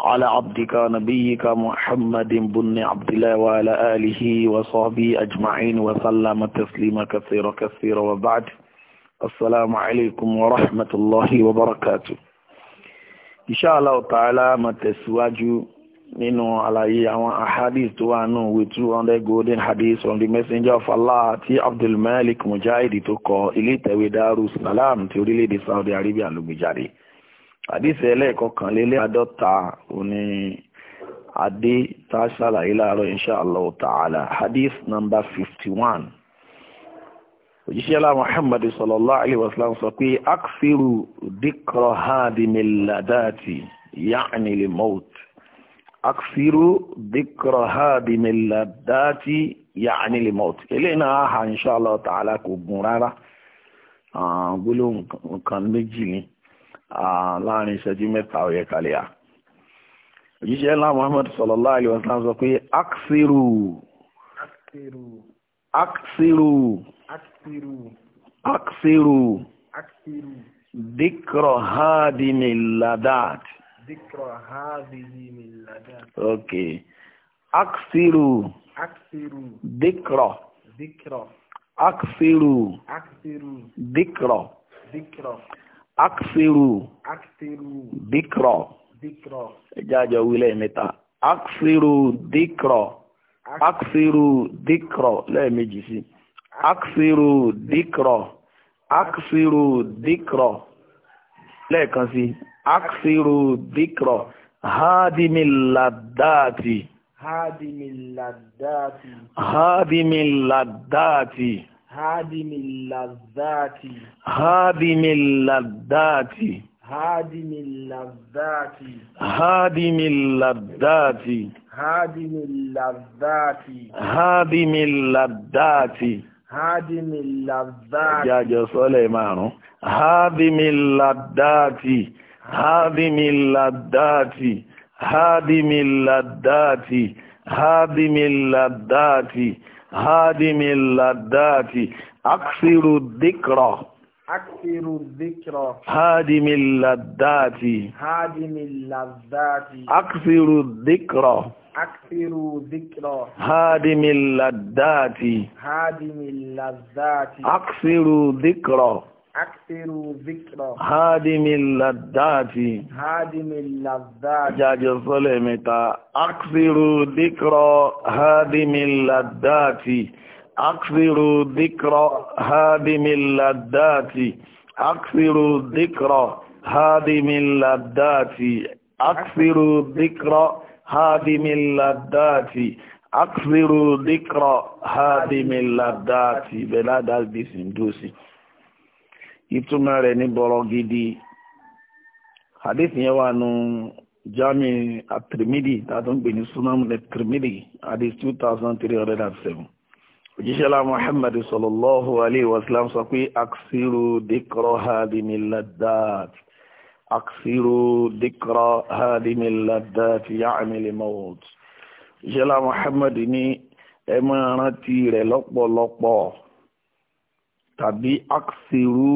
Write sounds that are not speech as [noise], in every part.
على عبدك نبيك محمد بن عبد الله وعلى آله وصحبه أجمعين وسلم تسليما كثيرا كثيرا وبعد السلام عليكم ورحمة الله وبركاته إن شاء الله تعالى ما تسواجو nínú àlàyé àwọn ahadith tó wà nù with two hundred golden hadith from the messenger of allah ti abdulmalik mujahid tó kọ ilé ìtẹ̀wé darussalam ti orílẹ̀-èdè saudi arabia ló gbé jáde àdìsí ẹlẹ́ẹ̀kọkànlélẹ́ àádọ́ta òní adé tá a ṣàlàyé láàárọ̀ inṣàlọ́ tààlà hadith number fifty one òjíṣẹ́ lá Muhammad sallallahu alaihi wasallam sọ pé aksiru dikro hadimiladati yaani li maut aksiru dikro hadimiladati yaani li maut eléyìí náà àhà inṣàlọ́ tààlà kò gùn rárá gbólóhùn kan méjì ni. láàrin ìṣẹ́jú mẹ́ta ó kalẹ̀ à òjíṣẹ́ ńlá Muhammad sallallahu alaihi wasallam sọ pé aksiru aksiru aksiru Aksiru! dikro hadimi ladad dikro hadimi ladad ok aksiru aksiru dikro dikro aksiru aksiru dikro dikro aksiru dikro ẹjẹ́ àjọ wílẹ̀ mẹ́ta aksiru dikro aksiru dikro lẹ́ẹ̀mejì sí aksiru dikro aksiru dikro lẹ́ẹ̀kan sí aksiru dikro hadimiladati hadimiladati ladati hádìmìlàdáàtì hádìmìlàdáàtì hádìmìlàdáàtì hádìmìlàdáàtì hádìmìlàdáàtì hádìmìlàdáàtì hádìmìlàdáàtì jájọ sọ́lẹ̀ márùn-ún hádìmìlàdáàtì hádìmìlàdáàtì hádìmìlàdáàtì hádìmìlàdáàtì هادم اللذات أكثر الذكر أكثر الذكر هادم اللذات هادم اللذات أكثر الذكر أكثر الذكر هادم اللذات هادم اللذات أكثر الذكر أكثروا ذكرى هادم اللذات هادم اللذات جاج الظلمة أكثروا ذكرى هادم اللذات أكثروا ذكرى هادم اللذات أكثروا ذكرى هادم اللذات أكثروا ذكرى هادم اللذات أكثروا ذكرى هادم اللذات بلا دال بسم دوسي ìtumọ̀ rẹ̀ ní bọ̀rọ̀ gidi hadith yẹn wà nù jami at-Tirmidhi tààtún pè ní sunan at-Tirmidhi hadith two thousand three hundred and seven òjíṣẹ́lá muhammad sallallahu alayhi wa sallam sọ pé aksiru dikro hadimi ladat aksiru dikro hadimi ladat yaami limawut òjíṣẹ́lá muhammad ní ẹ máa rántí rẹ̀ lọ́pọ̀lọpọ̀ tàbí aksiru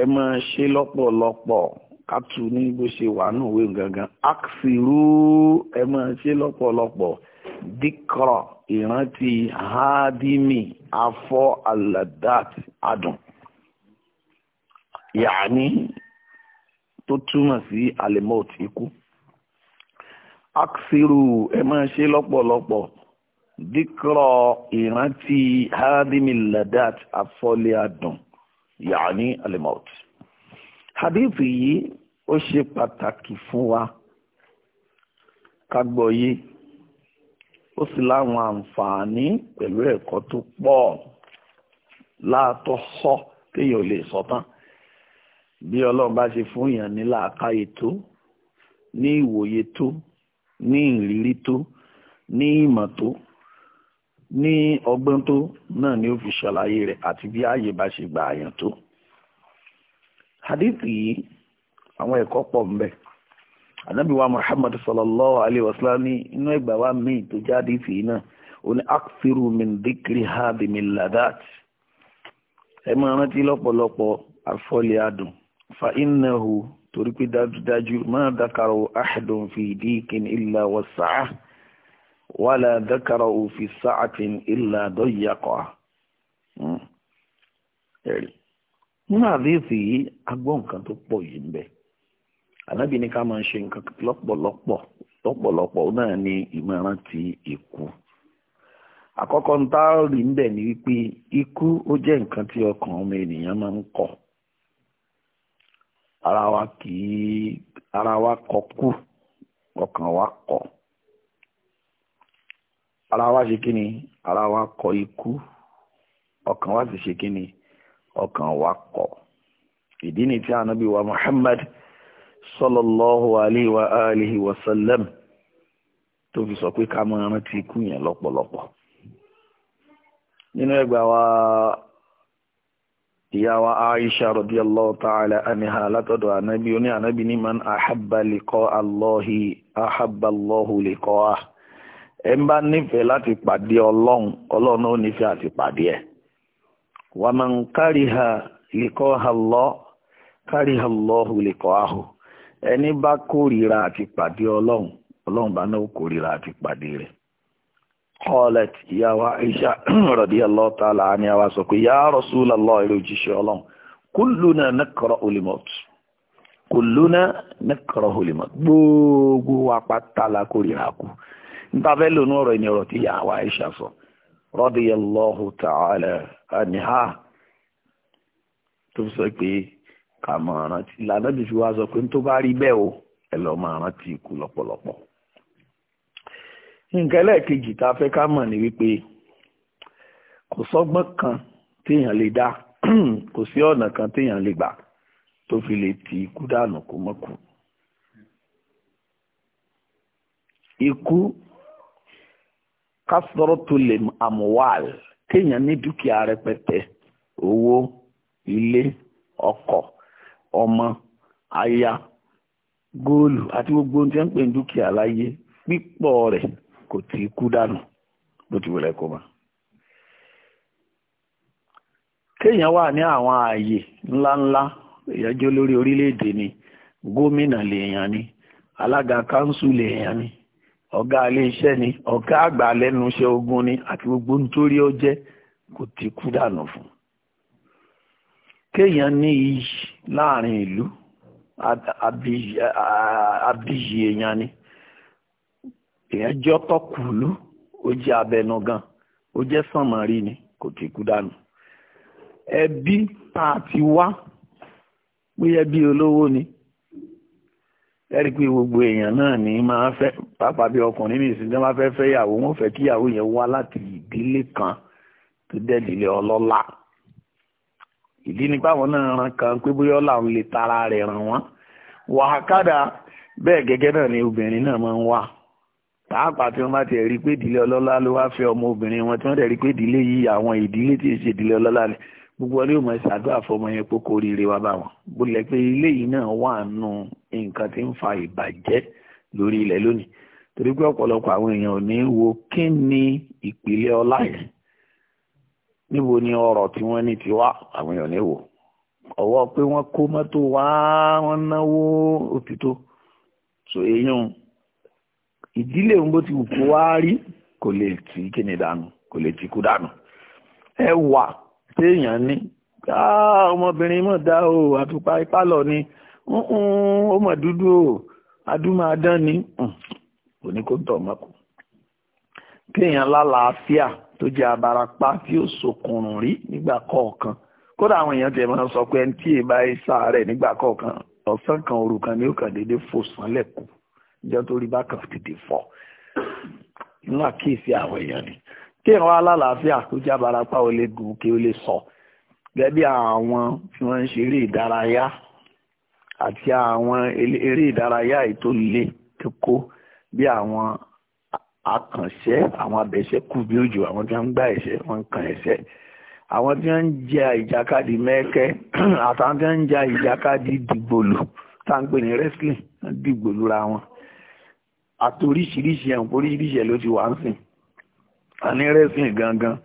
ẹ máa ṣe lọ́pọ̀lọpọ̀ kátù ní bó ṣe wà nù wé gangan aksiru ẹ máa ṣe lọ́pọ̀lọpọ̀ dikra ìrántí hadimi afọ aladat adùn yàní tó túmọ̀ sí alimot ikú aksiru ẹ máa ṣe lọ́pọ̀lọpọ̀ díkọ̀ ìrántí hadimiladat afọ́lẹ́ adùn yaani alimot hadithi yìí ó ṣe pàtàkì fún wa kagbọ́yé ó sì láwọn àǹfààní pẹ̀lú ẹ̀kọ́ tó pọ̀ láàtọ̀ sọ téèyàn ò lè sọ tán bí ọlọ́run bá ṣe fún èèyàn ní làákàyè tó ní ìwòye tó ní ìrírí tó ní ìmọ̀ tó ní ọgbọ́n tó náà ni ó fi ṣàlàyé rẹ̀ àti bí ààyè bá ṣe gba àyàn tó hadithi yìí àwọn ẹ̀kọ́ pọ̀ ńbẹ̀ anábìwá muhammad sallallahu alayhi wa sallam ní inú ẹgbàá wa míì tó jáde tì í náà ó ní min ladat ẹ rántí lọ́pọ̀lọpọ̀ fa torí pé máa dákàrọ̀ ولا a في ساعة إلا ضيقها hmm. ẹ̀rí nínú àdéhùn yìí agbọ́n nǹkan tó pọ̀ yìí ń bẹ ní ká máa ṣe nǹkan lọ́pọ̀lọpọ̀ lọ́pọ̀lọpọ̀ náà ti iku a ọmọ ara ara wa ṣe kíni ara wa kọ ikú ọkàn wa sì ṣe kíni ọkàn wa kọ ìdí ni tí ànábì wa Muhammad sallallahu alayhi wa alihi wa sallam tó fi sọ pé ká mọ rántí ikú yẹn lọ́pọ̀lọpọ̀ nínú ẹgbà wa ìyá wa Aisha radiyallahu ta'ala anha látọ̀dọ̀ ànábì oní ànábì ní man ahabba liqa Allahi ahabba Allahu liqa'ah ẹ ń bá nífẹ̀ẹ́ láti pàdé ọlọ́run ọlọ́run ó àti pàdé ẹ̀ wà máa ń kárí ha ha lọ kárí ha lìkọ́ ahù ẹni bá kórìíra àti pàdé ọlọ́run ọlọ́run bá náà kórìíra àti pàdé rẹ̀ [clears throat] a wá sọ pé ya Rasulullah èrè òjíṣẹ́ ọlọ́run kulluna nakra'u al-maut kulluna nakra'u al-maut gbogbo wa níta fẹ́ lónú ọ̀rọ̀ ìní ọ̀rọ̀ tí yàwá Aisha sọ radiyallahu ta'ala anha tó fi sọ pé ká máa rántí lànà bí fi wá sọ pé tó bá rí bẹ́ẹ̀ o ẹ lọ máa rántí ikú lọ́pọ̀lọpọ̀ nǹkan ẹlẹ́ẹ̀kejì tá a fẹ́ ká mọ̀ ni wípé kò sọ́gbọ́n kan téèyàn lè dá [clears throat] kò sí ọ̀nà kan téèyàn lè gbà tó fi lè ti ikú dànù kó mọ́kù ikú kásọ̀rọ̀ tó lè kéèyàn ní dúkìá rẹpẹtẹ owó ilé ọkọ ọmọ aya góòlù àti gbogbo ohun tí wọ́n pè ní dúkìá láyé pípọ̀ rẹ̀ kò tí kú dànù ti wà ní àwọn ààyè ńláńlá lórí ni gómìnà lèèyàn ni alága ni ọ̀gá ilé iṣẹ́ ni ọ̀gá àgbà lẹ́nu iṣẹ́ ogun ni àti gbogbo nítorí ó jẹ́ kò ti kú dànù fún. kéèyàn ní iyì láàrin ìlú abiyì èèyàn ni èèyàn jọ ọ̀tọ̀kùlú ó jẹ́ abẹnugan ó jẹ́ sànmọ́rí ni kò ti kú dànù. ẹbí tá a ti wá bóyá bí olówó ni ẹ̀rí pé gbogbo èèyàn náà ní máa fẹ́ pàápàá bí ọkùnrin ní ìsìn tí wọ́n fẹ́ fẹ́ yàwó wọ́n fẹ́ kí yàwó yẹn wá láti ìdílé kan tó dẹ́dílé ọlọ́lá ìdí ni páwọn náà ran kan pé bóyá làwọn lè tara rẹ̀ ràn wọ́n wàhákàdà bẹ́ẹ̀ gẹ́gẹ́ náà ni obìnrin náà máa ń wà pàápàá tí wọ́n bá ti rí pé ìdílé ọlọ́lá ló wá fẹ́ ọmọ obìnrin wọn tí wọ́n dẹ̀ rí pé ìdílé yìí àwọn ìdílé tí ì gbogbo ọdún ìmọ̀ ìṣàdúrà fọmọ yẹn pé kó rire wá bá wọn bó lẹ pé ilé yìí náà wà nù nǹkan tí ń fa ìbàjẹ́ lórí ilẹ̀ lónìí torí pé ọ̀pọ̀lọpọ̀ àwọn èèyàn ò ní wo kí ni ìpìlẹ̀ ọlá yẹn níbo ni ọrọ̀ tí wọ́n ní ti wá àwọn èèyàn ní wò ọwọ́ pé wọ́n kó mọ́tò wá wọ́n náwó òtítọ́ so èèyàn ìdílé òun bó ti wù kó wá rí kò lè tì í kí dànù kò lè tì í kú dànù ẹ wà téèyàn ní ah, ọmọbìnrin mọ̀ dá o àtùpà ipá lọ ni ó mọ̀ dúdú o adúmáadán ni oníkóńtọ̀ ọmọkù kéèyàn lálàáfíà tó jẹ́ abarapá tí ó sokùnrùn rí nígbà kọ̀ọ̀kan kódà àwọn èèyàn tiẹ̀ máa ń sọ pé ẹni tí èèbá ẹ sáàárẹ̀ nígbà kọ̀ọ̀kan ọ̀sán kan òru kan ni ó kàn déédéé fò sánlẹ̀ kù ìjọ tó rí bákan tètè fọ́ inú àkíyèsí àwọn èèyàn ni kí ìran alálàáfíà kó já barapá ó lè gùn kí ó lè sọ gẹ́gẹ́ bí àwọn tí wọ́n ń ṣe eré ìdárayá àti àwọn eré ìdárayá ètò ilé kókó bí àwọn akànṣẹ́ àwọn abẹ̀ṣẹ́ kù bí òjò àwọn tí wọ́n ń gbá ẹ̀ṣẹ́ wọ́n ń kan ẹ̀ṣẹ́ àwọn tí wọ́n ń ja ìjàkadì mẹ́kẹ́ [clears throat] àtàwọn tí wọ́n ń ja ìjàkadì dìgbòlù tá ń pè ní wrestling dìgbòlù ra wọn àti oríṣiríṣi ẹ̀wọ̀n oríṣiríṣi ẹ̀ ló ti wà ń sìn ani ní wrestling gangan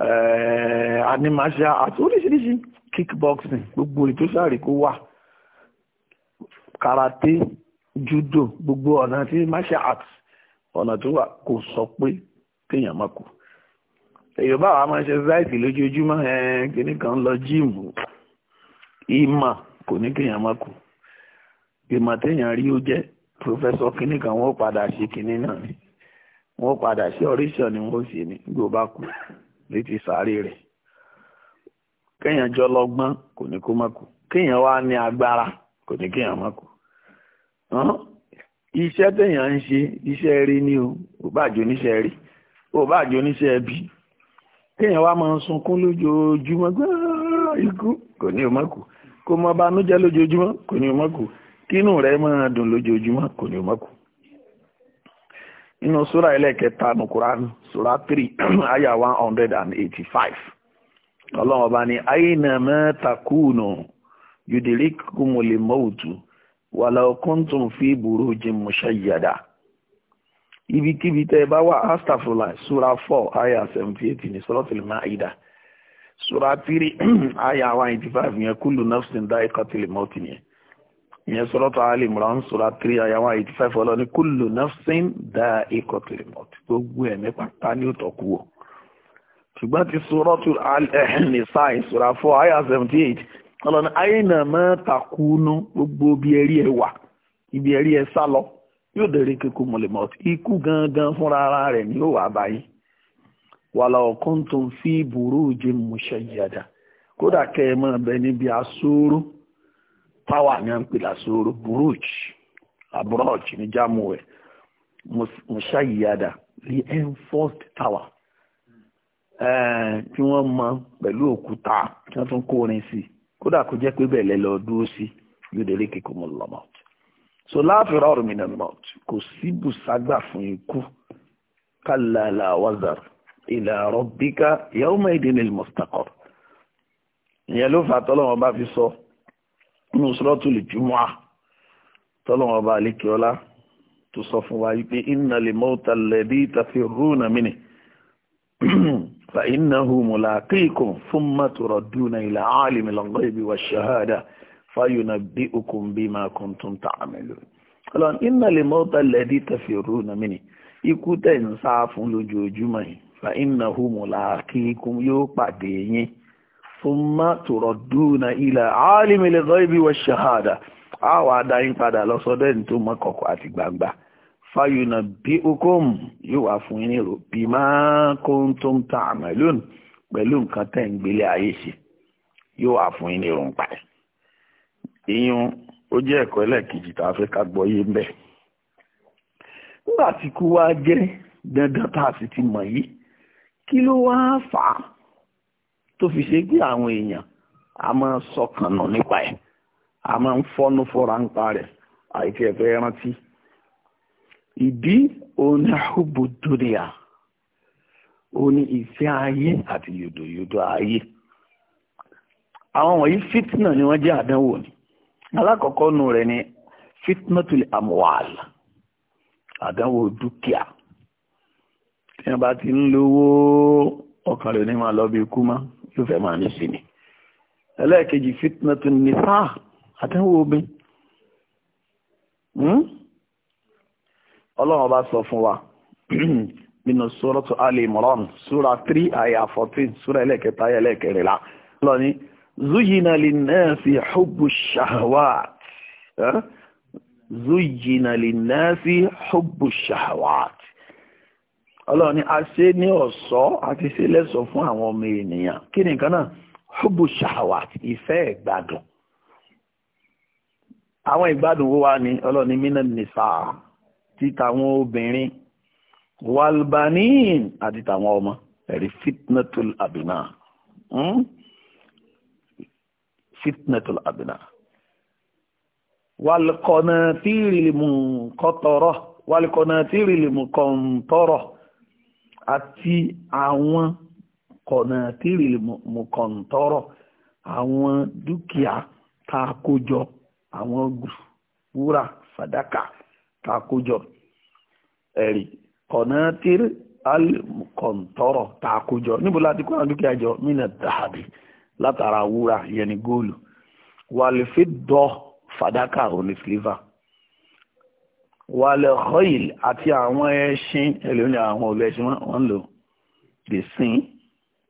eh, ani ní martial arts oríṣiríṣi kickboxing gbogbo ètò sáré kó wà karate judo gbogbo ọ̀nà tí martial arts ọ̀nà tó wà kò sọ pé kéèyàn má kú èyàn bá wa máa ṣe ṣáìtì lójoojúmọ́ eh, kìíní kan lọ jíìmù ìmọ̀ kò ní kéèyàn má kú ìmọ̀ téèyàn rí ó jẹ́ pòfẹ́sọ kìíní kan wọ́n padà ṣe kìíní náà ni. wọ́n padà sí ọ̀ríṣọ̀ ni wọ́n sì ní gbé o sáré rẹ̀ kéèyàn jọ lọ́gbọ́n kò ní kó má kéèyàn wá ní agbára kò ní kéèyàn má iṣẹ́ téèyàn ṣe iṣẹ́ rí ni o ò bá rí ò bá kéèyàn wá máa sunkún lójoojúmọ́ ikú kò ní o má kú kó má lójoojúmọ́ kò ní nínú súrà ẹlẹ́kẹta nù Quran, súrà three àyà [clears throat] one hundred and eighty five ọlọ́run ọba ní àyínàmá takùnù yudilikumul mautu walau kuntum fi burujin mushayyada ibikíbi tẹ́ bá wà astafula súrà four àyà seventy eight ní suratul maida súrà three àyà [clears throat] one eighty five yẹn kullu nafsin dha'iqatul mauti nìyẹn ìyẹn sọ́rọ́tọ̀ Ali Imran sura three aya one eighty five ọlọ́ni kullu nafsin dha'iqatul maut gbogbo ẹ̀mí pátá ní òtọ̀ kú wọ̀ ṣùgbọ́n ti sọ́rọ́tọ̀ eh, Nisa sura four aya seventy eight ọlọ́ni ayna ma takunu gbogbo bí ẹrí ẹ wà ibi ẹrí ẹ sá lọ yóò dẹ̀rẹ̀ kíkú mọ̀lẹ́mọ̀ ikú gangan fúnra ara rẹ̀ ni yóò wà báyìí walau kuntum fi burujin mushayyada kódà kẹ́ ẹ máa bẹ níbi asóró táwà ni à ń pè lásòrò buruj abroad ní jamuwe mushayada reinforced tower tí wọ́n mọ pẹ̀lú òkúta tí wọ́n tún kórin sí kódà kó jẹ́ pé bẹ́ẹ̀ lẹ́ lọ dúró sí yóò délé kíkọ́ mọ́ lọ́mọ́ so láàfin ọ̀rọ̀ mi náà mọ̀ kò sí bùságbà fún ikú kálá làwázàr ila rabbika yawma idinil mustaqar ìyẹn ló fà tọ́lọ́wọ́n bá fi sọ. So, nínú sọ́lọ́tù lè jùmọ́ à tọ́lọ́wọ́n ọba àlékiọ́lá tó sọ fún wa wípé inna lè mọ́ta lẹ́bí tàfi rúnà mìíní fa innahu mulaqikum thumma turaduna ila alimi al-ghaybi wash-shahada fayunabbi'ukum bima kuntum ta'malun ọlọ́run iná lè mọ́ta lẹ́dí tẹ̀fẹ̀rú nàmínì ikú tẹ̀ ń sá fún lójoojúmọ́ yìí fa iná hùmù làákì yóò pàdé yín thumma turaduna ila alimil ghaibi wash shahada a wà á dá yín padà lọ sọ́dọ̀ ẹni tó mọ̀ kọ̀kọ̀ àti gbangba fayuna bí okòm yóò wá fún yín nírò bí máa kuntum ta'malun pẹ̀lú nǹkan tẹ̀ ń gbélé ayé ṣe yóò wá fún yín nírò ń pa ẹ̀. ìyún ó jẹ́ ẹ̀kọ́ ẹlẹ́ẹ̀kejì tá a fẹ́ ká gbọ́ yé ń bẹ̀. nígbà tí kú wá jẹ́ dandan tá a sì ti mọ̀ yìí kí ló wá fà á tó fi ṣe pé àwọn èèyàn a máa sọkànnà nípa ẹ̀ a máa ń fọ́nú fọ́ra ń pa rẹ̀ àìfi ẹ̀fẹ́ rántí ìdí òun ni dúnìyà òun ni ìfẹ́ ayé àti yòdòyòdò ayé àwọn wọ̀nyí fitna ni wọ́n jẹ́ àdánwò ni alákọ̀ọ́kọ́ nù rẹ̀ ni fitnatul amwal àdánwò dúkìá tí wọ́n bá ti ń lówó ọkàn rẹ̀ ní lọ bí kú ló fẹ́ máa ní sí ni ẹlẹ́ẹ̀kejì fitnatun nisa àtẹ́wò obìn hmm? ọlọ́run bá sọ fún wa [clears throat] nínú suratu Ali Imran súra 3 àyà 14 súra ẹlẹ́ẹ̀kẹta àyà ẹlẹ́ẹ̀kẹrìnlá lọ ní zuyina linnasi hubbu shahawat zuyina linnasi hubbu shahawat ọlọ́run ni a ṣe ní ọ̀ṣọ́ àti ṣe lẹ́ṣọ̀ fún àwọn ọmọ ènìyàn kí ni nǹkan náà hubu shahawat ìfẹ́ ìgbádùn àwọn ìgbádùn wo wá ni ọlọ́run ni mina nisa títawọn obìnrin walbanin àti tàwọn ọmọ ẹ̀rí fitnatul abina hmm? fitnatul abina walqanatiril munqatara walqanatiril munqantara àti àwọn kọ̀nà tìrì mọ̀kàntọ́rọ̀ àwọn dúkìá tá a kó jọ àwọn wúrà fàdákà tá a kó jọ ẹ̀rí kọ̀nà tìrì alimọ̀kàntọ́rọ̀ tá a kó jọ níbo láti kó àwọn dúkìá jọ mínà dàbí látara wúrà yẹn góòlù wàlífẹ́ dọ́ fàdákà òní wàlẹ̀ khoil àti àwọn ẹṣin ẹlòmí àwọn olẹ́ṣin wọ́n lò lè sin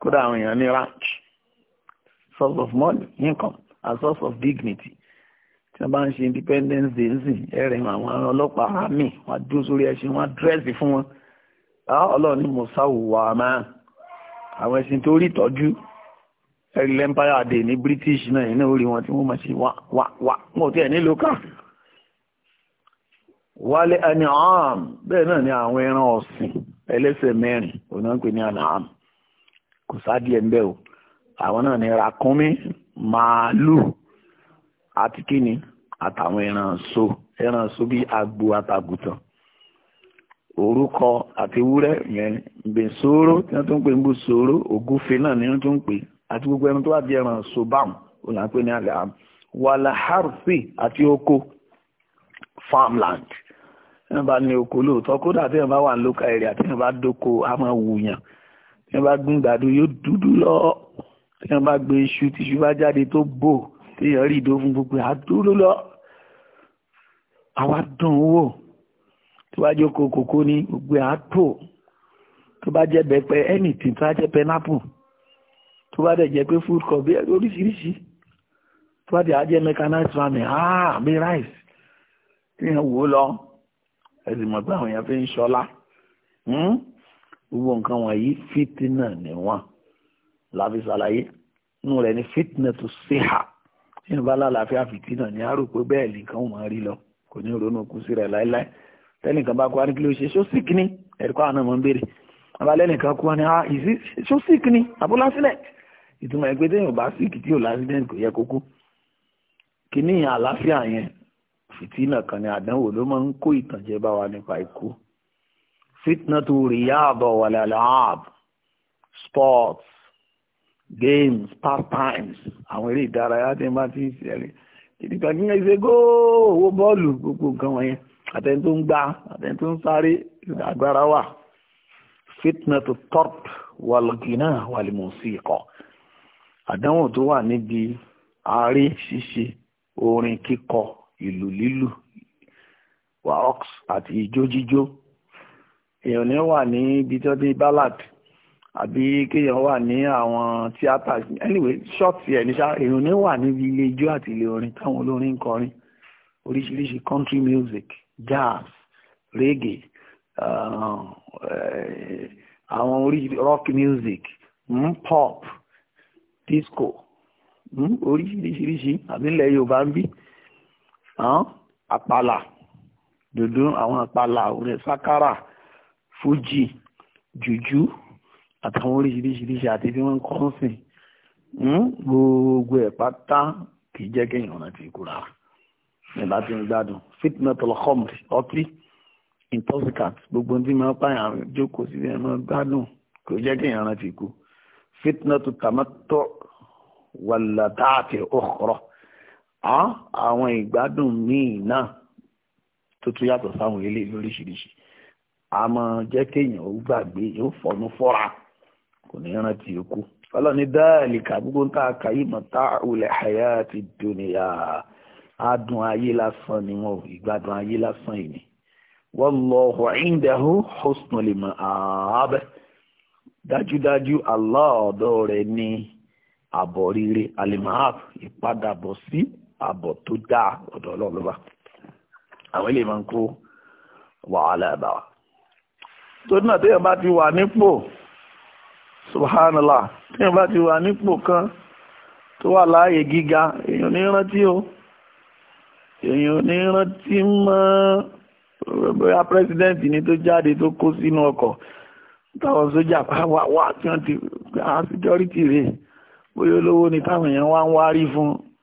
kódà àwọn èèyàn ní ranch source of money income and source of dignity tí wọ́n bá ń ṣe independence day nsìn ẹ̀rìn àwọn ọlọ́pàá àmì wọ́n dúró sórí ẹṣin wọ́n dírẹ́sì fún wọn ọlọ́ọ̀ni mùsáwùwà máa àwọn ẹṣin tó rí tọ́jú ẹ̀rí lẹ́mpáyà dé ní British náà iná orí wọn tí wọ́n máa ṣe wá wá wá wọn ò tí ẹ̀ nílò káà wálé aniam bẹ́ẹ̀ náà ni àwọn ẹran ọ̀sìn ẹlẹ́sẹ̀ mẹ́rin òun ń pè ní kò o àwọn náà ni ràkúnmí màálù àti kíni àtàwọn ẹran so ẹran so bíi agbo àtàgùtàn orúkọ àti wúrẹ́ yẹn bèsòrò tí wọ́n tún ń pè ń bú sòrò ògúfe náà ni wọ́n tún ń pè àti oko farmland tí wọ́n bá ní oko lóòótọ́ kódà tí wọ́n bá wà ní local area tí wọ́n bá dóko a máa wùyàn tí wọ́n bá gún gbàdú yóò dúdú lọ tí wọ́n bá gbé iṣu tíṣu bá jáde tó bò tí èèyàn rí ìdó fún gbogbo àdúró lọ àwa dùn wò tó bá jókòó kòkó ní gbogbo àtò tó bá jẹ́ bẹ́pẹ anything tó bá jẹ́ pineapple tó bá dẹ̀ jẹ́ pé food crop bí oríṣiríṣi tó bá dẹ̀ á jẹ́ mechanized farming ah bí rice tí wọ́n wò lọ ẹ sì mọ̀ pé àwọn èèyàn fi ń ṣọlá hmm? gbogbo nǹkan wọ̀nyí fìtínà ni wọ́n láfi ṣàlàyé inú rẹ̀ ni fìtínà tó síhà nínú bá lálàáfíà fìtínà ni a rò pé bẹ́ẹ̀ nìkan wọ́n rí lọ kò ní ronú kú sí rẹ̀ láéláé tẹ́nìkan bá kú wá ní kí ló ṣe ṣó sì kíní ẹ̀ríkọ́ àwọn ọmọ ń béèrè abalẹ́nìkan kú wá ní ìsí ah, ṣó sì kíní abúlásílẹ̀ ìtumọ̀ ẹgbẹ́ téèyàn bá síkì tí ò lásìdẹ́ǹtì kò yẹ kókó kíní àlàáfíà yẹn fìtínà kan ní àdánwò ló máa ń kó ìtànjẹ bá wa nípa ikú fitnatu riyad wa lalab sports games pastimes àwọn eré ìdárayá tí wọ́n ti ń ṣẹlẹ̀ kìdìkan kí wọ́n ṣe góòwò bọ́ọ̀lù gbogbo nǹkan wọ̀nyẹn àtẹni tó ń gbá àtẹni tó ń sáré agbára wà fitnatu torp wàlùkìnà wàlùmọ̀síkọ àdánwò tó wà níbi àárẹ̀ ṣíṣe orin kíkọ ìlù lílù waox àti ijó jíjó èèyàn ní wà ní ibi tí wọ́n ti ballad àbí kéèyàn wà ní àwọn tíátà anyway short ẹ̀ níṣà èèyàn ní wà níbi ilé ijó àti ilé orin táwọn olórin ń kọrin oríṣiríṣi country music jazz reggae uh, eh, àwọn orí rock music hmm, pop disco hmm, oríṣiríṣiríṣi àbí ilẹ̀ yorùbá ń bí àpàlà dòdò àwọn àpàlà orin sákárà fújì jùjú àtàwọn oríṣiríṣiríṣi àti bí wọ́n ń kọ́ ń sìn hmm? gbogbo ẹ̀ pátá kì í jẹ́ kéèyàn rántí ikú rárá ní láti ń gbádùn fitnatul khomri ọtí intoxicant gbogbo tí máa pààyàn àrùn jókòó sí ẹ máa gbádùn kò jẹ́ kéèyàn rántí ikú fitnatul tamattu wàlàtàtì ukhra á àwọn ìgbádùn míì náà tó tún yàtọ̀ sáwọn ilé lóríṣiríṣi a máa jẹ́ kéèyàn ó gbàgbé yóò fọnú fọ́ra kò ní rántí ikú ọlọ́ni dáàlìkà gbogbo ń ta àkàyè mọ̀tá ulẹ̀ àyà ti dùnìyà adùn ayé lásán ni wọn ìgbádùn ayé lásán yìí ni wallahu indahu husnul ma'ab dájúdájú Allah ọ̀dọ̀ ní àbọ̀ rere alimahab ìpadàbọ̀ sí àbọ̀ tó dáa ọ̀dọ̀ ọlọ́run ló wà àwọn ilé máa ń kó wàhálà bá wa tó náà téèyàn bá ti wà nípò subhanallah téèyàn bá ti wà nípò kan tó wà láàyè gíga èèyàn ní rántí o èèyàn ní rántí mọ́ bóyá pírẹsidẹ́ǹtì ni tó jáde tó kó sínú ọkọ̀ táwọn sójà wà wà tí wọ́n ti security rè bóyá olówó ni táwọn èèyàn wá ń wárí fún un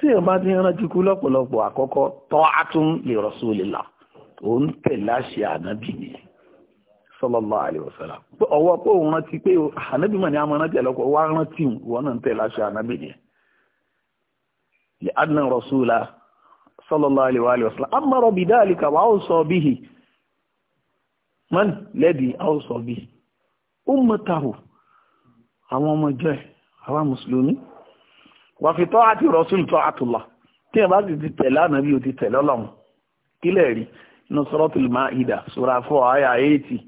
tí èèyàn bá ti rántí kú lọ́pọ̀lọpọ̀ àkọ́kọ́ tọ́ atún lè Rasulillah ò ń tẹ̀ láṣẹ ànábì ni sallallahu alaihi wasallam pé ọwọ́ pé òun rántí pé ànábì mọ̀ ní àmọ́ rántí ẹ̀lọ́pọ̀ wá rántí wọn náà ń tẹ̀ láṣẹ ànábì ni lè adnan rasula sallallahu alaihi wasallam amara bidhalika wa awsa bihi man ladhi awsa bihi ummatahu àwọn ọmọ jẹ́ àwa mùsùlùmí wà fi tọ́ àti rọ́sùn tọ́ àtùlá tí ẹ bá sì ti tẹ̀lé ànábì ò ti tẹ̀lé ọlọ́run kílẹ̀ rí inú suratul Maida sura four àyà eighty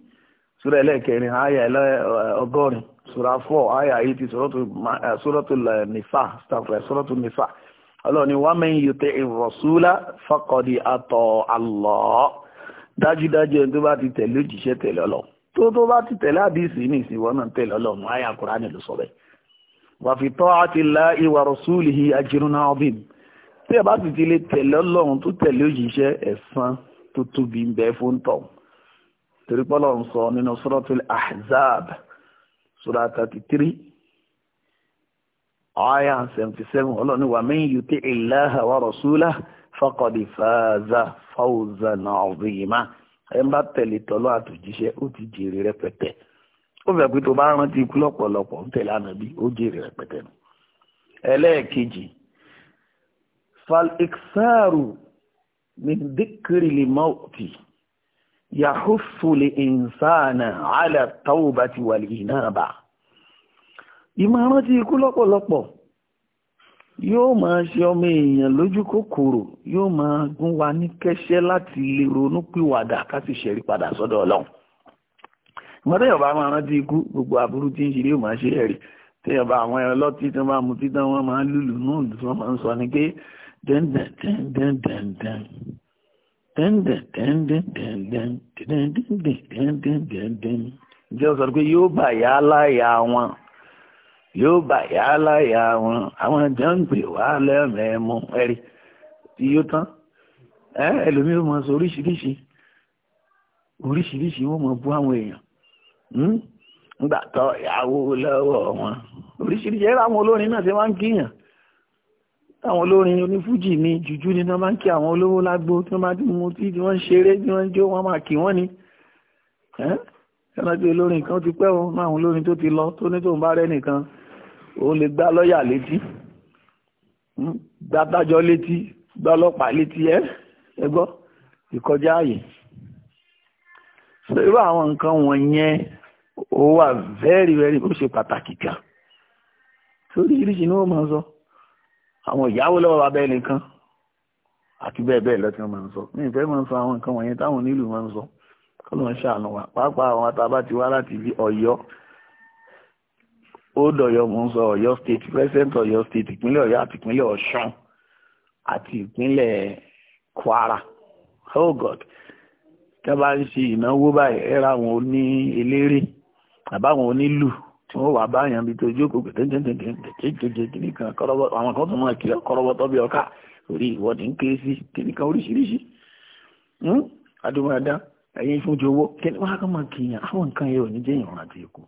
sura ẹlẹ́kẹrin àyà ọgọ́rin sura four àyà eighty suratul Nisa eh, suratul eh, Nisa ọlọ́run ni wàá mẹ́yìn yòtẹ́ ìrọ̀súlá faqadi atọ́ Allah dájúdájú ẹni tó bá ti tẹ̀lé òjíṣẹ́ tẹ̀lé ọlọ́run tó tó bá ti tẹ̀lé àdìsí ní ìsìnwọ́n náà tẹ̀lé ọlọ́run àyà Kùránì ló sọ bẹ́ẹ̀ wà fi ta'ati Allahi wa rasulihi ajrun adhim tí ẹ bá sì ti lè tẹ̀lé ọlọ́run tó tẹ̀lé òjíṣẹ́ ẹ̀san tó tóbi ń bẹ fún tọ̀ torí pé Ọlọ́run sọ nínú suratul Ahzab sura thirty three aya seventy seven Ọlọ́run ní wa man yuti' Allaha wa rasulahu faqad faza fawzan adhima ẹ̀ ń bá tẹ̀lé tọ́lọ́ àtòjíṣẹ́ ó ti jèrè rẹpẹtẹ ó fẹ́ pé tó bá rántí ikú lọ́pọ̀lọpọ̀ ń tẹ̀lé ànábì ó jèrè rẹpẹtẹ nù ẹlẹ́ẹ̀kejì faliksaru min dikiri limauti yahusu li insana ala taubati wal inaba ìmọ̀rántí ikú lọ́pọ̀lọpọ̀ yóò máa ṣe ọmọ èèyàn lójú kòkòrò yóò máa gún wa ní kẹ́ṣẹ́ láti lè ronú ká sì ṣẹ́rí padà sọ́dọ̀ ọlọ́run ìmọ̀ tẹ́yàn bá máa rántí ikú gbogbo aburú tí ń ṣe yóò máa ṣe ẹ̀rí tẹ́yàn bá àwọn ẹran lọ́tí tí wọ́n bá mutí tán wọ́n máa ń lùlù náà tí wọ́n máa ń sọ ni pé ìjọba sọ pé yóò bà yá láyà wọn yóò bà yá láyà wọn àwọn jẹ́ǹpì wà lẹ́mẹ̀ẹ́mú ẹ̀rí tí yóò tán ẹlòmíràn mọ̀ sọ oríṣiríṣi oríṣiríṣi wọ́n Hmm? nígbà tó yàwó lọ́wọ́ wọn oríṣiríṣi ẹ̀rọ àwọn olórin náà ti máa ń kíyàn àwọn olórin onífújì ni jùjú ni wọ́n máa ń kí àwọn olówó lágbo tí wọ́n máa ń mu tí wọ́n ń ṣeré tí wọ́n ń jó wọ́n máa kí wọ́n ni ẹ̀rọ tí olórin kan ti pẹ́ wọn máa ń olórin tó ti lọ tó ní tóun bá rẹ́ nìkan òun lè gbá lọ́ọ̀yà létí hmm? gbádájọ́ létí gbá ọlọ́pàá létí ẹ ẹ gbọ́ ìkọjá ààyè irú àwọn nǹkan wọ̀nyẹn ó wà very very ó ṣe pàtàkì kan sórí ìrísí ni wọ́n máa ń sọ àwọn ìyàwó lọ́wọ́ abẹ́ nìkan àti bẹ́ẹ̀ bẹ́ẹ̀ lọ́tí wọ́n máa ń sọ ní ìfẹ́ máa ń sọ àwọn nǹkan wọ̀nyẹn táwọn onílù máa ń sọ kọ́ ló ń ṣàánú wa pàápàá àwọn atábá ti wá láti ibi Ọ̀yọ́ old Ọ̀yọ́ mò ń sọ Ọ̀yọ́ state present Ọ̀yọ́ state ìpínlẹ̀ Ọ̀yọ́ àti ìpínlẹ̀ Ọ̀ṣun àti ìpínlẹ̀ Kwara oh God tí wọ́n bá ń ṣe ìnáwó báyìí ẹ̀rọ àwọn oní eléré àbáwọn onílù tí wọ́n wà báyàn bí tó jókòó tẹ́ntẹ́ntẹ́ntẹ́ kìnìkan kọ́rọ́bọ́ àwọn kan tó máa kìlọ̀ kọ́rọ́bọ́ tọ́bí ọkà orí ìwọ́de ń ké sí kìnìkan oríṣiríṣi hmm? adúmọ̀dá ẹ̀yìn fún jowó kẹ́ni wọ́n á kàn máa kìyàn àwọn nǹkan yẹn ò ní jẹ́ ìrìn àti ikú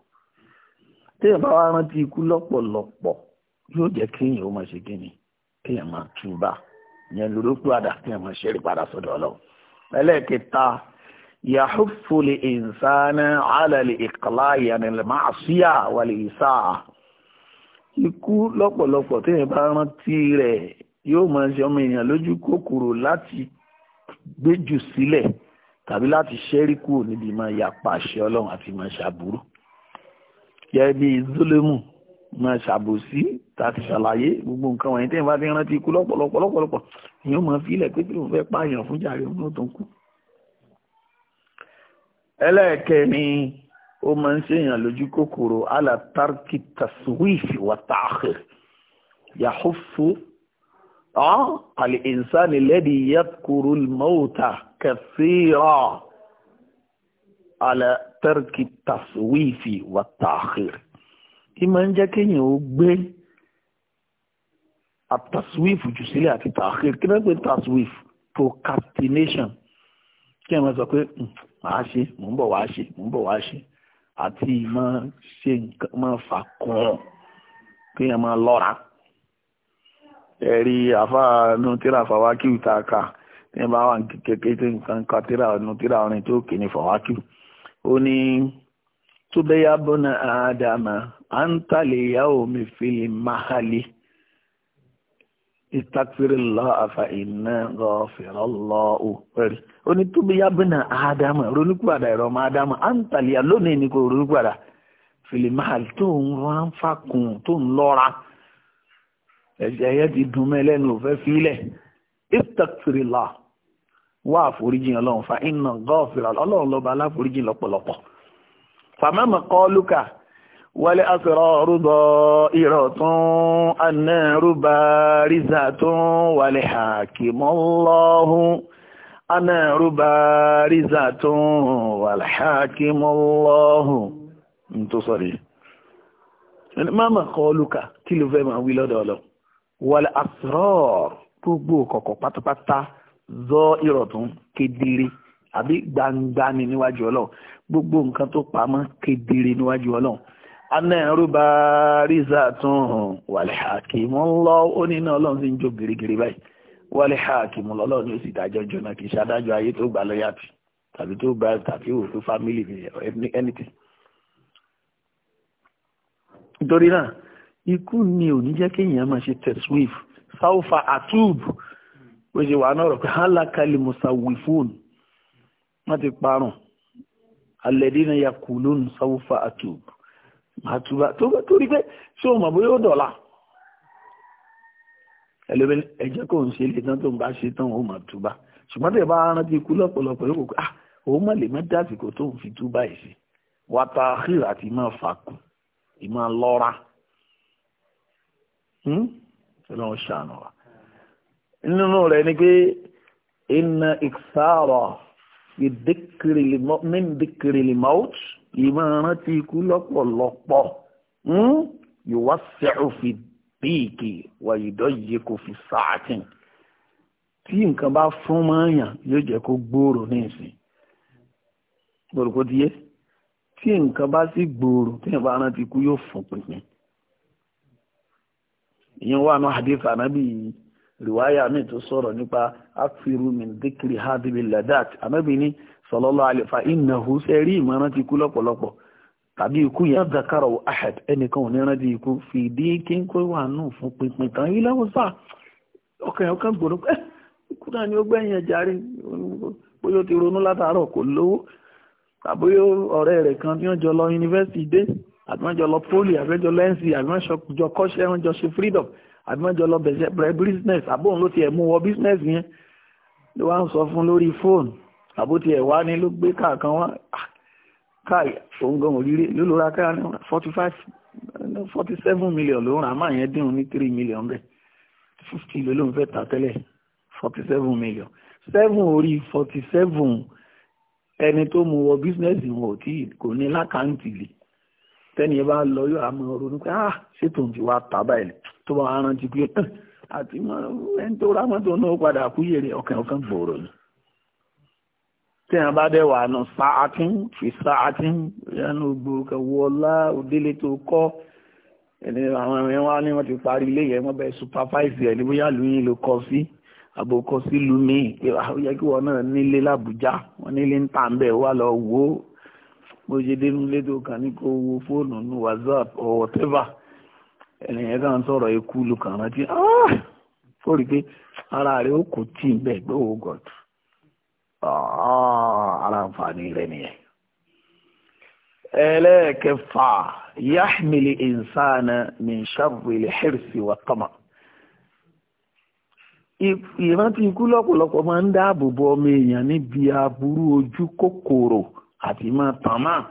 téèyàn bá wá rántí ikú lọ́pọ̀lọpọ̀ yóò jẹ́ kéèyàn ó máa ṣe kíni kéèyàn máa túbà ìyẹn lórí padà kéèyàn máa ṣẹ́rí padà sọ́dọ̀ ọlọ́run ẹlẹ́ẹ̀kẹta yàhùfù الإنسان على alàlè ìkàlá ìyànilè máa síyà wà lè sá. ikú lọ́pọ̀lọpọ̀ téèyàn bá rántí rẹ̀ yóò máa ṣe ọmọ èèyàn lójú kòkòrò láti gbéjù sílẹ̀ tàbí láti ṣẹ́rí kúrò níbi máa yapa àṣẹ ọlọ́run àti máa ṣàbúrú. gẹ́gẹ́ bí zulemu máa ṣàbòsí tàbí ṣàlàyé gbogbo nǹkan wọ̀nyí téèyàn bá ti rántí ikú lọ́pọ̀lọpọ̀ lọ́pọ̀lọpọ̀ èèyàn máa fi ilẹ̀ pé kí ló fẹ́ pààyàn fún jàre òun náà tó ń kú ẹlẹ́ẹ̀kẹ́ni ó máa ń ṣèyàn lójú kòkòrò alatarki taswif wa ta'khir yahufu al-insani alladhi yadhkuru al-mawta kathira alatarki taswif wa ta'khir kí máa ń jẹ́ kéèyàn ó gbé àtàswífù jù sílẹ̀ àti ta'khir kí náà pé taswif procrastination kí ẹ̀ máa sọ pé hmm, màá ṣe mò ń bọ̀ wá ṣe mò ń bọ̀ wá ṣe àti ìmọ̀ ṣe nǹkan máa fà kún un kéèyàn máa lọ́ra ẹ̀rí àfáànù tíra fàwákìú tá a kà tí wọ́n bá wà kékeré tí nǹkan kan tíra ọ̀nù tíra orin tó kì ní fàwákìú ó ní túbẹ̀yà bọ́nà àdàmà à ń tàlẹ̀ ìyá omi fìlì máhàlì istakfirila afa iná gọfìrọlọ́ọ̀ rẹ̀ ó ní tó bí yábìnà ádámù ronúkúwàdà ẹ̀rọ ọmọ ádámù àǹtàlíyà lónìí ni kò ronúkúwàdà fìlìmáàlì tó ń rán fàkùn tó ń lọ́ra ẹ̀jẹ̀ yẹn ti dùn mẹ́ lẹ́nu òfẹ́ fílẹ̀ istakfirila wá àforíjìn ọlọ́run fa iná gọfìrọlọ́ọ̀ ọlọ́run lọ́ba aláforíjìn lọ́pọ̀lọpọ̀ fàmẹ́mọ̀ kọ́ lúkà wálé asọ̀rọ̀ rúbọ̀ ìrọ̀ tún aná rúbà rízà tún wálé hàkìmọ́ lọ́hùn aná rúbà rízà tún wálé hàkìmọ́ lọ́hùn tó sọ̀rí máma kọlùkà kí ló fẹ́ máa wí lọ́dọ̀ ọlọ́ wàlẹ̀ asọ̀rọ̀ gbogbo kọ̀kọ̀ pátápátá zọ ìrọ̀tún kedere àbí gbangba ni níwájú ọlọ́ gbogbo nǹkan tó pamọ́ kedere níwájú ọlọ́ anẹ́rú bá ríza tún hàn wàlẹ̀ hakimu ńlọ ó nínú ọlọ́run sí ń jó gírígírí báyìí wàlẹ̀ hakimu lọ́lọ́run yóò sì dájọ́ jọ́nà kì í ṣádájọ́ ayé tó gbà lọ́yà tì tàbí tó gbà tàbí wò tó fámìlì mi anything. nítorí náà ikú ni ò ní jẹ́ kéèyàn máa ṣe tẹ̀síwìf sáúfà àtúbù bó ṣe wà náà rọ̀ pé hálàkàlì mùsàwìfún wọ́n ti parun alẹ́dínà yakulun sáúfà àtúbù máa túbá torí pé ṣé o mọ̀ bóyá ó dọ̀la ẹlẹ́bẹ̀ ẹ̀jẹ̀ kò ń ṣe lè tán tó ń bá ṣe tán ó máa túbá ṣùgbọ́n tẹ̀ bá rántí ikú lọ́pọ̀lọpọ̀ yóò kó ah òun mọ̀ lè má dásìkò tó ń fi túbá yìí sí wàtá hìrà tí máa fàkùn ìmọ̀ lọ́ra hmm? ọlọ́run ṣàánú wa nínú rẹ̀ ni pé iná ìsáàrọ̀ ìdíkìrìlì mọ́ ìmọ̀ràn ti ikú lọ́pọ̀lọpọ̀ hmm? yòówá sẹ́rù fi bíìkì wà ìdọ́ yìí kò fi sàátìn tí nǹkan bá fún mọ́ọ̀yàn yóò jẹ́ kó gbòòrò ní ìsìn gbòòrò ti yé tí nǹkan bá sì gbòòrò tí nǹkan bá rántí kú yóò fún pinpin ìyẹn wà ní hadith anabi riwaya mi tó sọ̀rọ̀ nípa akfiru min dhikri hadhihi ladat anabi sallallahu alaihi fa innahu sẹ́rí ìmọ̀ràn ti kú lọ́pọ̀lọpọ̀ tàbí ikú yẹn zakara ahad ẹnìkan ò ní rántí ikú fìdí kí n kó wà nù fún pinpin kan yìí lẹ́wọ̀n sáà ọkàn ọkàn gbòòrò pé eh, ikú náà ni ó gbẹ̀yìn ẹ̀járe bóyá ó ti ronú látàárọ̀ kò lówó àbóyá ọ̀rẹ́ rẹ̀ kan tí wọ́n jọ lọ yunifásitì dé àbí wọ́n jọ lọ poli àbí wọ́n jọ lọ nc àbí wọ́n jọ kọ́ṣẹ́ wọ́n jọ ṣe freedom àbí wọ́n jọ lọ bẹ̀rẹ̀ business àbóhun ló ti ẹ̀ mú wọ business yẹn ló wá ń sọ fún lórí fóònù àbótí ẹ̀ wá ní ló gbé káà kan wá ah, káà òun gan òríré ló ló káà ní forty five forty seven million ló ń ra àmọ́ àyẹn dín ní three million bẹ́ẹ̀ fifty ló ló ń fẹ́ ta tẹ́lẹ̀ forty seven million seven orí forty seven ẹni tó mu wọ bísínẹ́sì wọn ò tí kò ní lákàntì lè tẹ́ni ẹ bá lọ yóò àmọ́ ronú pé ah ṣètò ti wá tà báyìí tó bá rántí pé àti ẹni tó rámọ́tò náà padà kú yèrè ọ̀kẹ́ ọ̀kan gbòòrò ni tí wọn bá dẹ̀ wà nù sàákín fi sàákín yẹnu gbòòkè wọlá òdílé tó kọ́ ẹni àwọn ẹ̀rọ wa ni wọ́n ti parí ilé yẹn wọ́n bẹ supervise ẹ̀ ní bóyá lóyún ló kọ́ sí àbò kọ́ sí lumi pé ó yẹ kí wọ́n náà nílé làbújá wọ́n nílé ń tà ń bẹ̀ wá lọ wò ó bó ṣe dénú lédò kan ní kó wo fóònù ní whatsapp or whatever ẹnìyẹn kan sọ̀rọ̀ ikú lukàn rántí ah! ó rí i pé ara rẹ̀ ó kò tí ì bẹ̀ gbé òwò gọ̀dù àǹfààní rẹ̀ nìyẹn ẹlẹ́ẹ̀kẹfà yahmili insana min sharril hirsi wa tama ìrántí ikú lọ́pọ̀lọpọ̀ máa ń dáàbò bo ọmọ èèyàn níbi aburú ojú kòkòrò àti máa tàn máa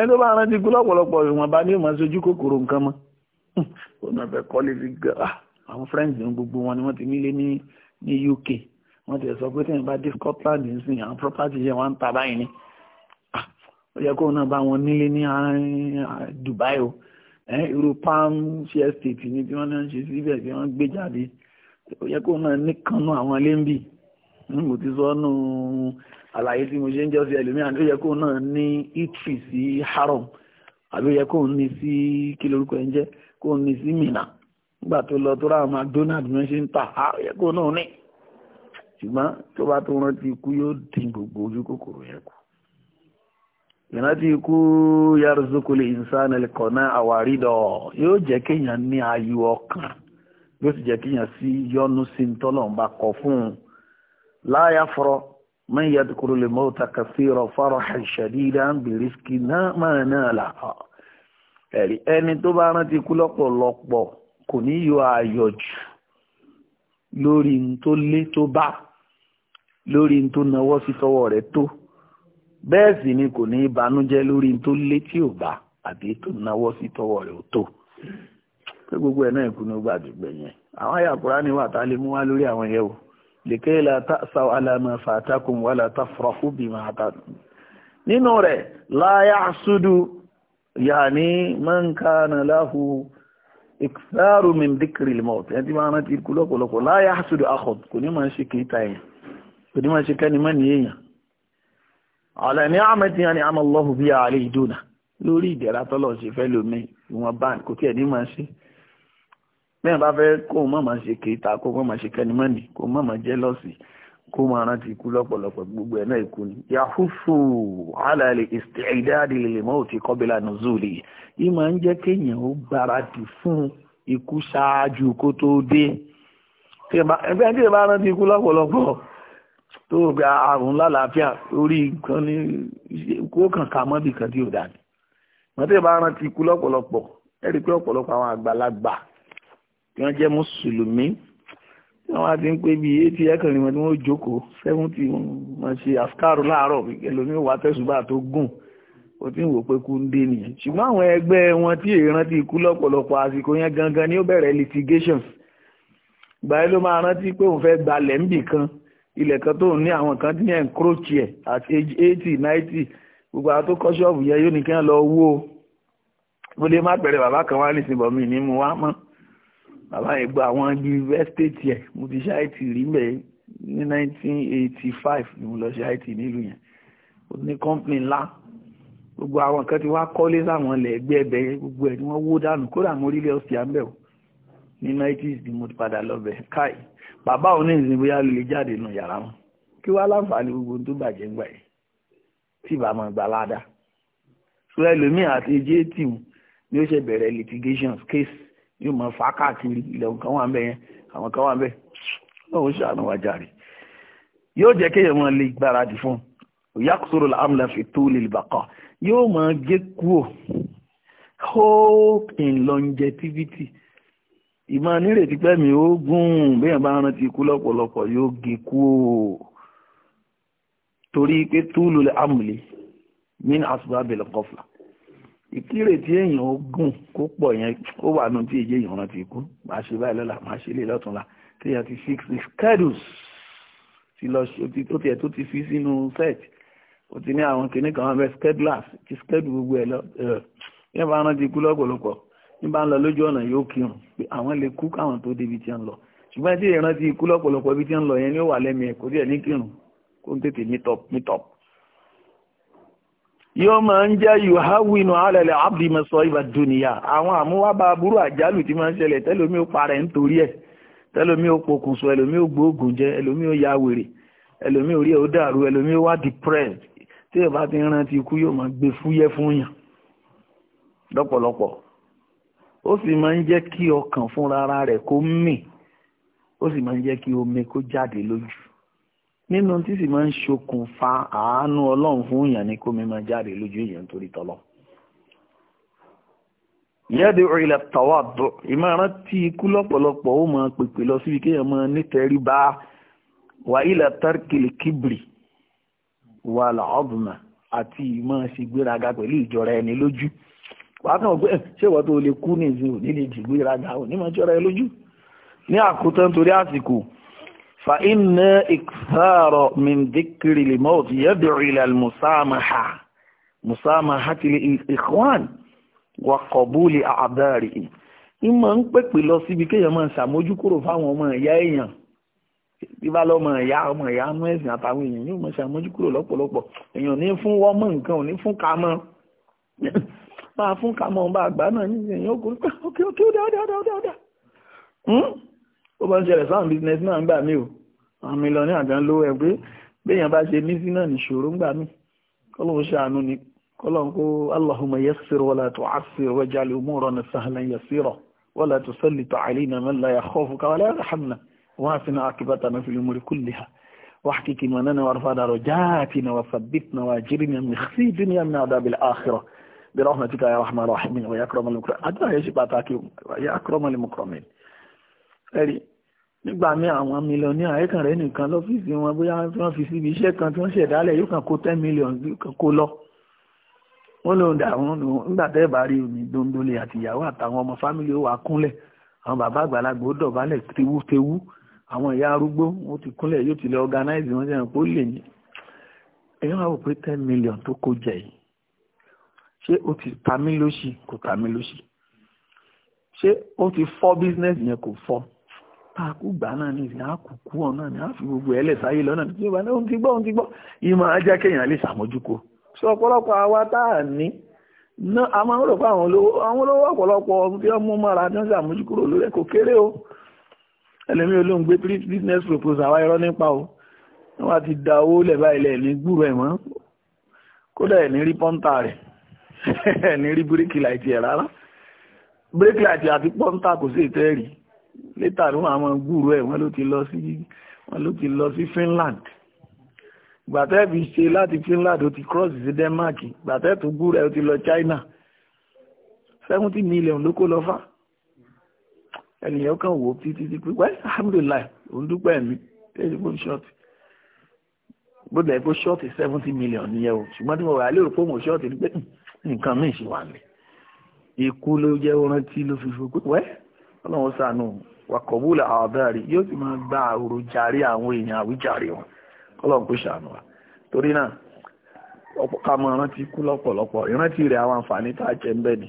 ẹni tó bá rántí ikú lọ́pọ̀lọpọ̀ ìwọ̀nba ní ìmọ̀ sí ojú kòkòrò nǹkan mọ́ ó náà kọ́lé sí gà ah, àwọn friends gbogbo wọn ni wọ́n ti nílé ní UK wọ́n ti sọ pé tí ìbá dé Scotland nsìn àwọn property yẹn wọ́n ń ta báyìí ni ah, ó yẹ kó náà bá wọn nílé ní ah, Dubai o irú palm share state ni tí wọ́n náà ń ṣe síbẹ̀ tí wọ́n gbé jáde ó yẹ kó náà níkanú àwọn ilé ń bì mo ti sọ nù àlàyé tí mo ṣe ń jọ sí ẹlòmíràn ó yẹ kó náà ní itri sí haram àbí ó yẹ kó ní sí kí lorúkọ ẹ ń jẹ kó ní sí Mina nígbà tó lọ tó ra àwọn McDonald mi ṣe ń tà ah, ó yẹ kó náà ní. ṣùgbọ́n tó bá tó rántí ikú yóò dín gbogbo ojú kòkòrò yẹn kù ìrántí ikú yarzukuli insan elkona àwárídọ̀ yóò jẹ́ kéèyàn ní ayọ̀ ọkàn yóò sì jẹ́ kéèyàn sí yọ́nú sí ń tọ́lọ̀ ń bá kọ fún un láyà fọ́rọ́ lè mọ́ rọ fọ́rọ̀ ṣàdídá ń bèrè náà máa náà là ẹni tó bá rántí ikú lórí tó nawọ́ sí tọwọ́ rẹ̀ tó bẹ́ẹ̀ sì ni kò ní ìbànújẹ́ lórí tó létí ò bá àbí tó nawọ́ sí tọwọ́ rẹ̀ ò tó pé gbogbo ẹ̀ náà ìkùnú gbàdúgbẹ̀ yẹn àwọn àyà Kùránì wà tá a lè mú wá lórí àwọn yẹn lèkè la tàṣà alàmà fàtàkùn wà látà fúrọ́kù bí máa tà nínú rẹ̀ láyà súdù yàní mọ́nkánà láhù ìksáàrù min dìkìrì lè mọ̀ ẹ̀ tí máa rántí kú láyà súdù àkọ́t kò ní máa ṣe kìí ta yẹn kò ní máa ṣe kẹ́ni mọ́ ní èèyàn ọ̀la ní àmẹ́tí yẹn ni àmọ́ lọ́hùn bí ààrẹ ìdúnà lórí ìdẹ̀ra tọ́lọ̀ ṣe fẹ́ lómi ìwọ̀n bá kò tí ẹ̀ ní máa ṣe bẹ́ẹ̀ bá fẹ́ kó mọ̀ máa ṣe kéta kó mọ̀ máa ṣe kẹ́ni mọ́ ní kó mọ̀ máa jẹ́ lọ́sì kó máa rántí ikú lọ́pọ̀lọpọ̀ gbogbo ẹ̀ náà ikú ni. yahufu alali isti'idadi lil mawti qabla nuzuli yìí máa ń jẹ́ kéèyàn ó gbáradì fún ikú ṣáájú kó tó dé. ẹgbẹ́ tí ẹ bá rántí ikú lọ́pọ̀lọpọ̀ tó o gba àrùn lálàáfíà orí nǹkan ní kó kàn ká mọ́bì kan tí ò dá ní. mọ́tẹ́ bá rántí ikú lọ́pọ̀lọpọ̀ ẹ rí i pé ọ̀pọ̀lọpọ̀ àwọn àgbàlagbà tí wọ́n jẹ́ mùsùlùmí tí wọ́n ti ń pé bíi eighty ẹ̀kànlélẹ́ wọn tí wọ́n jókòó seventy wọn ṣe àfikàrò láàárọ̀ ẹlòmíín wà tẹ̀sùbà tó gùn ó ti ń wò pé kú ń dé nìyẹn ṣùgbọ́n àwọn ẹgbẹ́ wọn tí èèrántí ikú lọ́pọ̀lọpọ̀ àsìkò yẹn gangan ni ó bẹ̀rẹ̀ litigations gbàyẹ ló máa rántí pé òun fẹ́ gbalẹ̀ ńbì kan ilẹ̀ kan tó ń ní àwọn kan tí yẹn ẹ̀ at age eighty ninety gbogbo àwọn tó kọ́ ṣọ́ọ̀bù yẹn yóò ní kí wọ́n lọ wó o mo lè má pẹ̀rẹ̀ bàbá kan wá nísìnyí bọ̀ mí ní mu wá mọ́ bàbá yẹn gba àwọn yunifásitì ẹ̀ mo ti ṣe àìtì rí mẹ́ ní nineteen eighty five ni mo lọ ṣe àìtì nílùú yẹn ó ní kọ́ńpìnì ńlá gbogbo àwọn kan ti wá kọ́lé sáwọn ilẹ̀ ẹgbẹ́ ẹbẹ̀ gbogbo ẹ̀ ni wọ́n wó dànù kódà mo rí ilé ọ̀sìn ní nineties ni mo ti padà lọ bẹ̀ káì bàbá òun ní ìsìn bóyá lè jáde nù yàrá wọn kí wàá láǹfààní gbogbo tó bàjẹ́ gbà yìí tí ìbá máa gbà ládàá ṣùgbọ́n ẹlòmíì àti ẹjẹ́ tìwù ni ó ṣe bẹ̀rẹ̀ litigations case yóò máa fà káàkiri ilẹ̀ kan wà ń bẹ̀ yẹn àwọn kan wà ń bẹ̀ ọ̀hún ṣàánú wa jàre yóò jẹ́ kéèyàn máa lè gbáradì fún un yakutoro amla fi tó lè bàkà yóò máa gé kúò hope in longevity ìmọ̀ nírètí pẹ́mi ó gùn béèyàn bá rántí ikú lọ́pọ̀lọpọ̀ yóò gé kú o torí pé túlù amúlé min asubabel kọfla ìkírètí èèyàn ó gùn kó pọ̀ yẹn ó wà nù tí èyí èèyàn rántí ikú máa ṣe báyìí lọ́la máa ṣe lè lọ́túnla téèyàn ti six six kẹ́dùs ti lọ ṣe tó tiẹ̀ tó ti fi sínú set ó ti ní àwọn kìnnìkan wọn bẹ skedulars ti skedule gbogbo ẹ lọ ẹ bá rántí ikú lọ́pọ̀lọpọ̀ ní bá ń lọ lójú ọ̀nà yóò kírun pé àwọn lè kú káwọn tó débi tí ń lọ ṣùgbọ́n tí ìrántí ikú lọ́pọ̀lọpọ̀ ibi tí ń lọ yẹn ni ó wà lẹ́mí ẹ̀ kò díẹ̀ ní kírun kó ń tètè meet up yóò máa ń jẹ́ yuhawinu alẹ́lẹ́ abdi mẹ́sọ̀ ibà dùnìyà àwọn àmúwábà burú àjálù tí máa ń ṣẹlẹ̀ tẹ́lómi ó parẹ́ nítorí ẹ̀ tẹ́lómi ó pokùnso ẹlòmí ó gbóògùn jẹ ẹlòmí ó ya wèrè ẹlòmí orí ẹ̀ ó dàrú ẹlòmí ó wá depressed tí ìbá ti rántí ikú yóò máa gbé fúyẹ́ fún yàn lọ́pọ̀lọpọ̀ ó sì máa ń jẹ́ kí ọkàn fúnra rẹ̀ kó mì ó sì máa ń jẹ́ kí omi kó jáde lójú nínú tí sì máa ń ṣokùnfà àánú ọlọ́run fún èèyàn ní kómi máa jáde lójú èèyàn torí tọ́lọ́ yẹ́dẹ̀ ìrìnlẹ̀ tàwádọ̀ ìmọ̀ràn tí ikú lọ́pọ̀lọpọ̀ ó máa pèpè lọ síbi kéèyàn máa nítẹríba wà ilẹ̀ tẹ́rkìlì kíbrì wà làọ́bùnà àti ìmọ̀ ṣègbéraga pẹ̀lú ìjọra ẹni lójú wàá kàn pé eh, ṣé ìwọ tó lè kú ní ìsìn òní lè dìgbò ìrajà òní máa jọra ẹ lójú ní àkótán torí àsìkò fa iná ìkàrọ̀ mìndíkiri lè mọ́ òtí yẹ́dùn ilẹ̀ musamaha musamaha ti lè ìkwán wà kọ̀búlì àbẹ́rì ní máa ń pèpè lọ síbi kéèyàn máa ṣàmójúkúrò fáwọn ọmọ ìyá èèyàn bí bá lọ́mọ ọmọ ìyá nú ẹ̀sìn àtàwọn èèyàn yóò máa ṣàmójúkúrò lọ́pọ̀lọpọ̀ èèyàn ní fún wọ́mọ nǹkan ò ní fún kamọ́ máa fún kàmọ́ ọba àgbà náà ní èèyàn ọkùnrin pé ókè ókè ó dáadáa dáadáa dáadáa ó bá ń ṣẹlẹ̀ sáwọn business náà ń gbà mí o àmì lọ ní àgbà ń lówó ẹ pé béèyàn bá ṣe nísí náà nìṣòro ń gbà mí kọ́lọ́hún ṣàánú ni kọ́lọ́hún lo ni ajo n lowo e pe beeyan ba se nisi naa nisoro n gba mi kolohun saanu ni kolohun ko alahunmo ye wala tu'assir to a sahlan yasira wala tusallit alayna man la yakhafuka wala yarhamna wa asina aqibatana fil umuri kulliha واحكي كماننا وارفع درجاتنا وثبتنا واجرنا bí rahmatika ya rahman rahimin wa ya akramal mukramin àdúrà yẹn ṣe pàtàkì ya akramal mukramin ẹ̀rí nígbà míì àwọn mílíọ̀nù àyíkàn rẹ̀ nìkan lọ́fíìsì wọn bóyá wọ́n fi síbi iṣẹ́ kan tí wọ́n ṣẹ̀dálẹ̀ yóò kàn kó ten million kan kó lọ wọ́n lòun dà wọ́n lòun nígbà tẹ́ ẹ̀ bá rí omi dondole àtìyàwó àtàwọn ọmọ fámìlì ó wà kúnlẹ̀ àwọn bàbá àgbàlagbà ó dọ̀bálẹ̀ tewútewú àwọn ìyá arúgbó ó ti kúnlẹ̀ yóò ti lọ organize wọn sẹ́yìn pé ó lè ní. èyí wọn wò pé ten million tó kó jẹ yìí ṣé ó ti ta mí lóṣì kò ta mí lóṣì ṣé ó ti fọ́ bísínẹ́sì yẹn kò fọ́ àkú gbà náà ní ìsìn àkùkù ọ̀nà ni a fi gbogbo ẹlẹ́sàáyé lọ́nà tí ó bá ní ohun ti gbọ́ ohun ti gbọ́ ìmọ̀ ajá kéèyàn lè ṣàmójúkò ṣé ọ̀pọ̀lọpọ̀ àwa tá à ní ná a máa ń rò pé àwọn olówó àwọn olówó ọ̀pọ̀lọpọ̀ tí wọ́n mú mọ́ra ní ọjà àmójúkúrò lórí kò kéré o ẹlẹ́mi olóhùn gbé business proposal wa irọ́ nípa o wọ́n ti da owó lẹ̀ báyìí lẹ̀ ní gbúrò ẹ̀ mọ́ kódà ẹ̀ ní rí pọ́ńtà rẹ̀ [laughs] ní rí bíríkì láìtì ẹ̀ rárá bíríkì láìtì àti pọ́ńtà kò sí ìtẹ́ẹ̀rì létà ní àwọn gúrú ẹ̀ wọ́n ló ti lọ sí wọ́n ló ti Finland gbàtẹ́ẹ̀bì ṣe láti Finland ó ti cross sí Denmark gbàtẹ́ẹ̀tù gúrú ẹ̀ ó ti lọ China seventy million ló kó lọ fà ẹnìyàn kan wò títí tí pé wẹ́ẹ́ alhamdulilayi òun dúpẹ́ mi tẹ́sí fún ṣọ́ọ̀tì bó dẹ̀ kó ṣọ́ọ̀tì seventy million nìyẹn o ṣùgbọ́n tí mo wà á lérò pé òun ṣọ́ọ̀tì ni pé hmm, nǹkan míì sì wà ní ikú ló jẹ́ rántí ló fi fún pé ọlọ́run sànù wàkọ̀bùlà àbáàrí yóò sì máa gba àrò jàre àwọn èèyàn àwíjàre wọn ọlọ́run kò sànù wa torí náà ká mọ rántí kú lọ́pọ̀lọpọ̀ ìrántí rẹ̀ àwọn àǹfààní tá a jẹ ń ni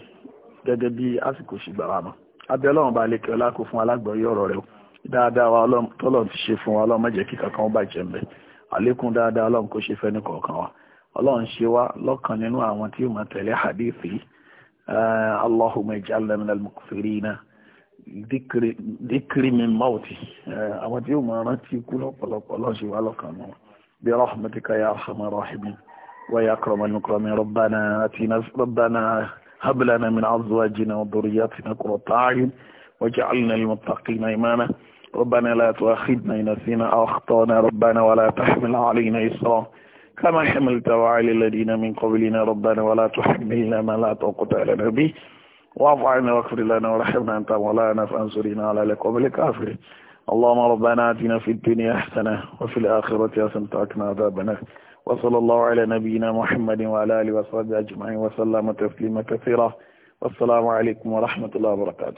gẹ́gẹ́ bí àsìkò si wa mọ́ abẹ́ ọlọ́run bá ọlá kó fún ọ̀rọ̀ o. dáadáa wa ti ṣe fún wa ọlọ́run má jẹ́ kí kankan ń àlékún dáadáa ọlọ́run kó ṣe fẹ́ ní kọ̀ọ̀kan wa ọlọ́run ṣe wá lọ́kàn nínú àwọn tí ó máa tẹ̀lé hadithi allahumma ij'alna min al-mukfirina dikiri min mauti àwọn tí ó máa rántí kú lọ́pọ̀lọpọ̀ ọlọ́run ṣe wá lọ́kàn nínú bi rahmatika ya arhamar rahimin wa ya akramal mukramin rabbana atina rabbana hab lana min azwajina wa dhurriyyatina qurrata a'yun waj'alna lil muttaqina imama ربنا لا تؤاخذنا إن نسينا أو أخطأنا ربنا ولا تحمل علينا إصرا كما حملت وعلى الذين من قبلنا ربنا ولا تحملنا ما لا توقت على نبي واعف عنا واغفر لنا ورحمنا أنت مولانا فانصرنا على لكم الكافرين اللهم ربنا آتنا في الدنيا أحسنة وفي الآخرة حسنة وقنا عذابنا وصلى الله على نبينا محمد وعلى آله وصحبه أجمعين وسلم تسليما كثيرا والسلام عليكم ورحمة الله وبركاته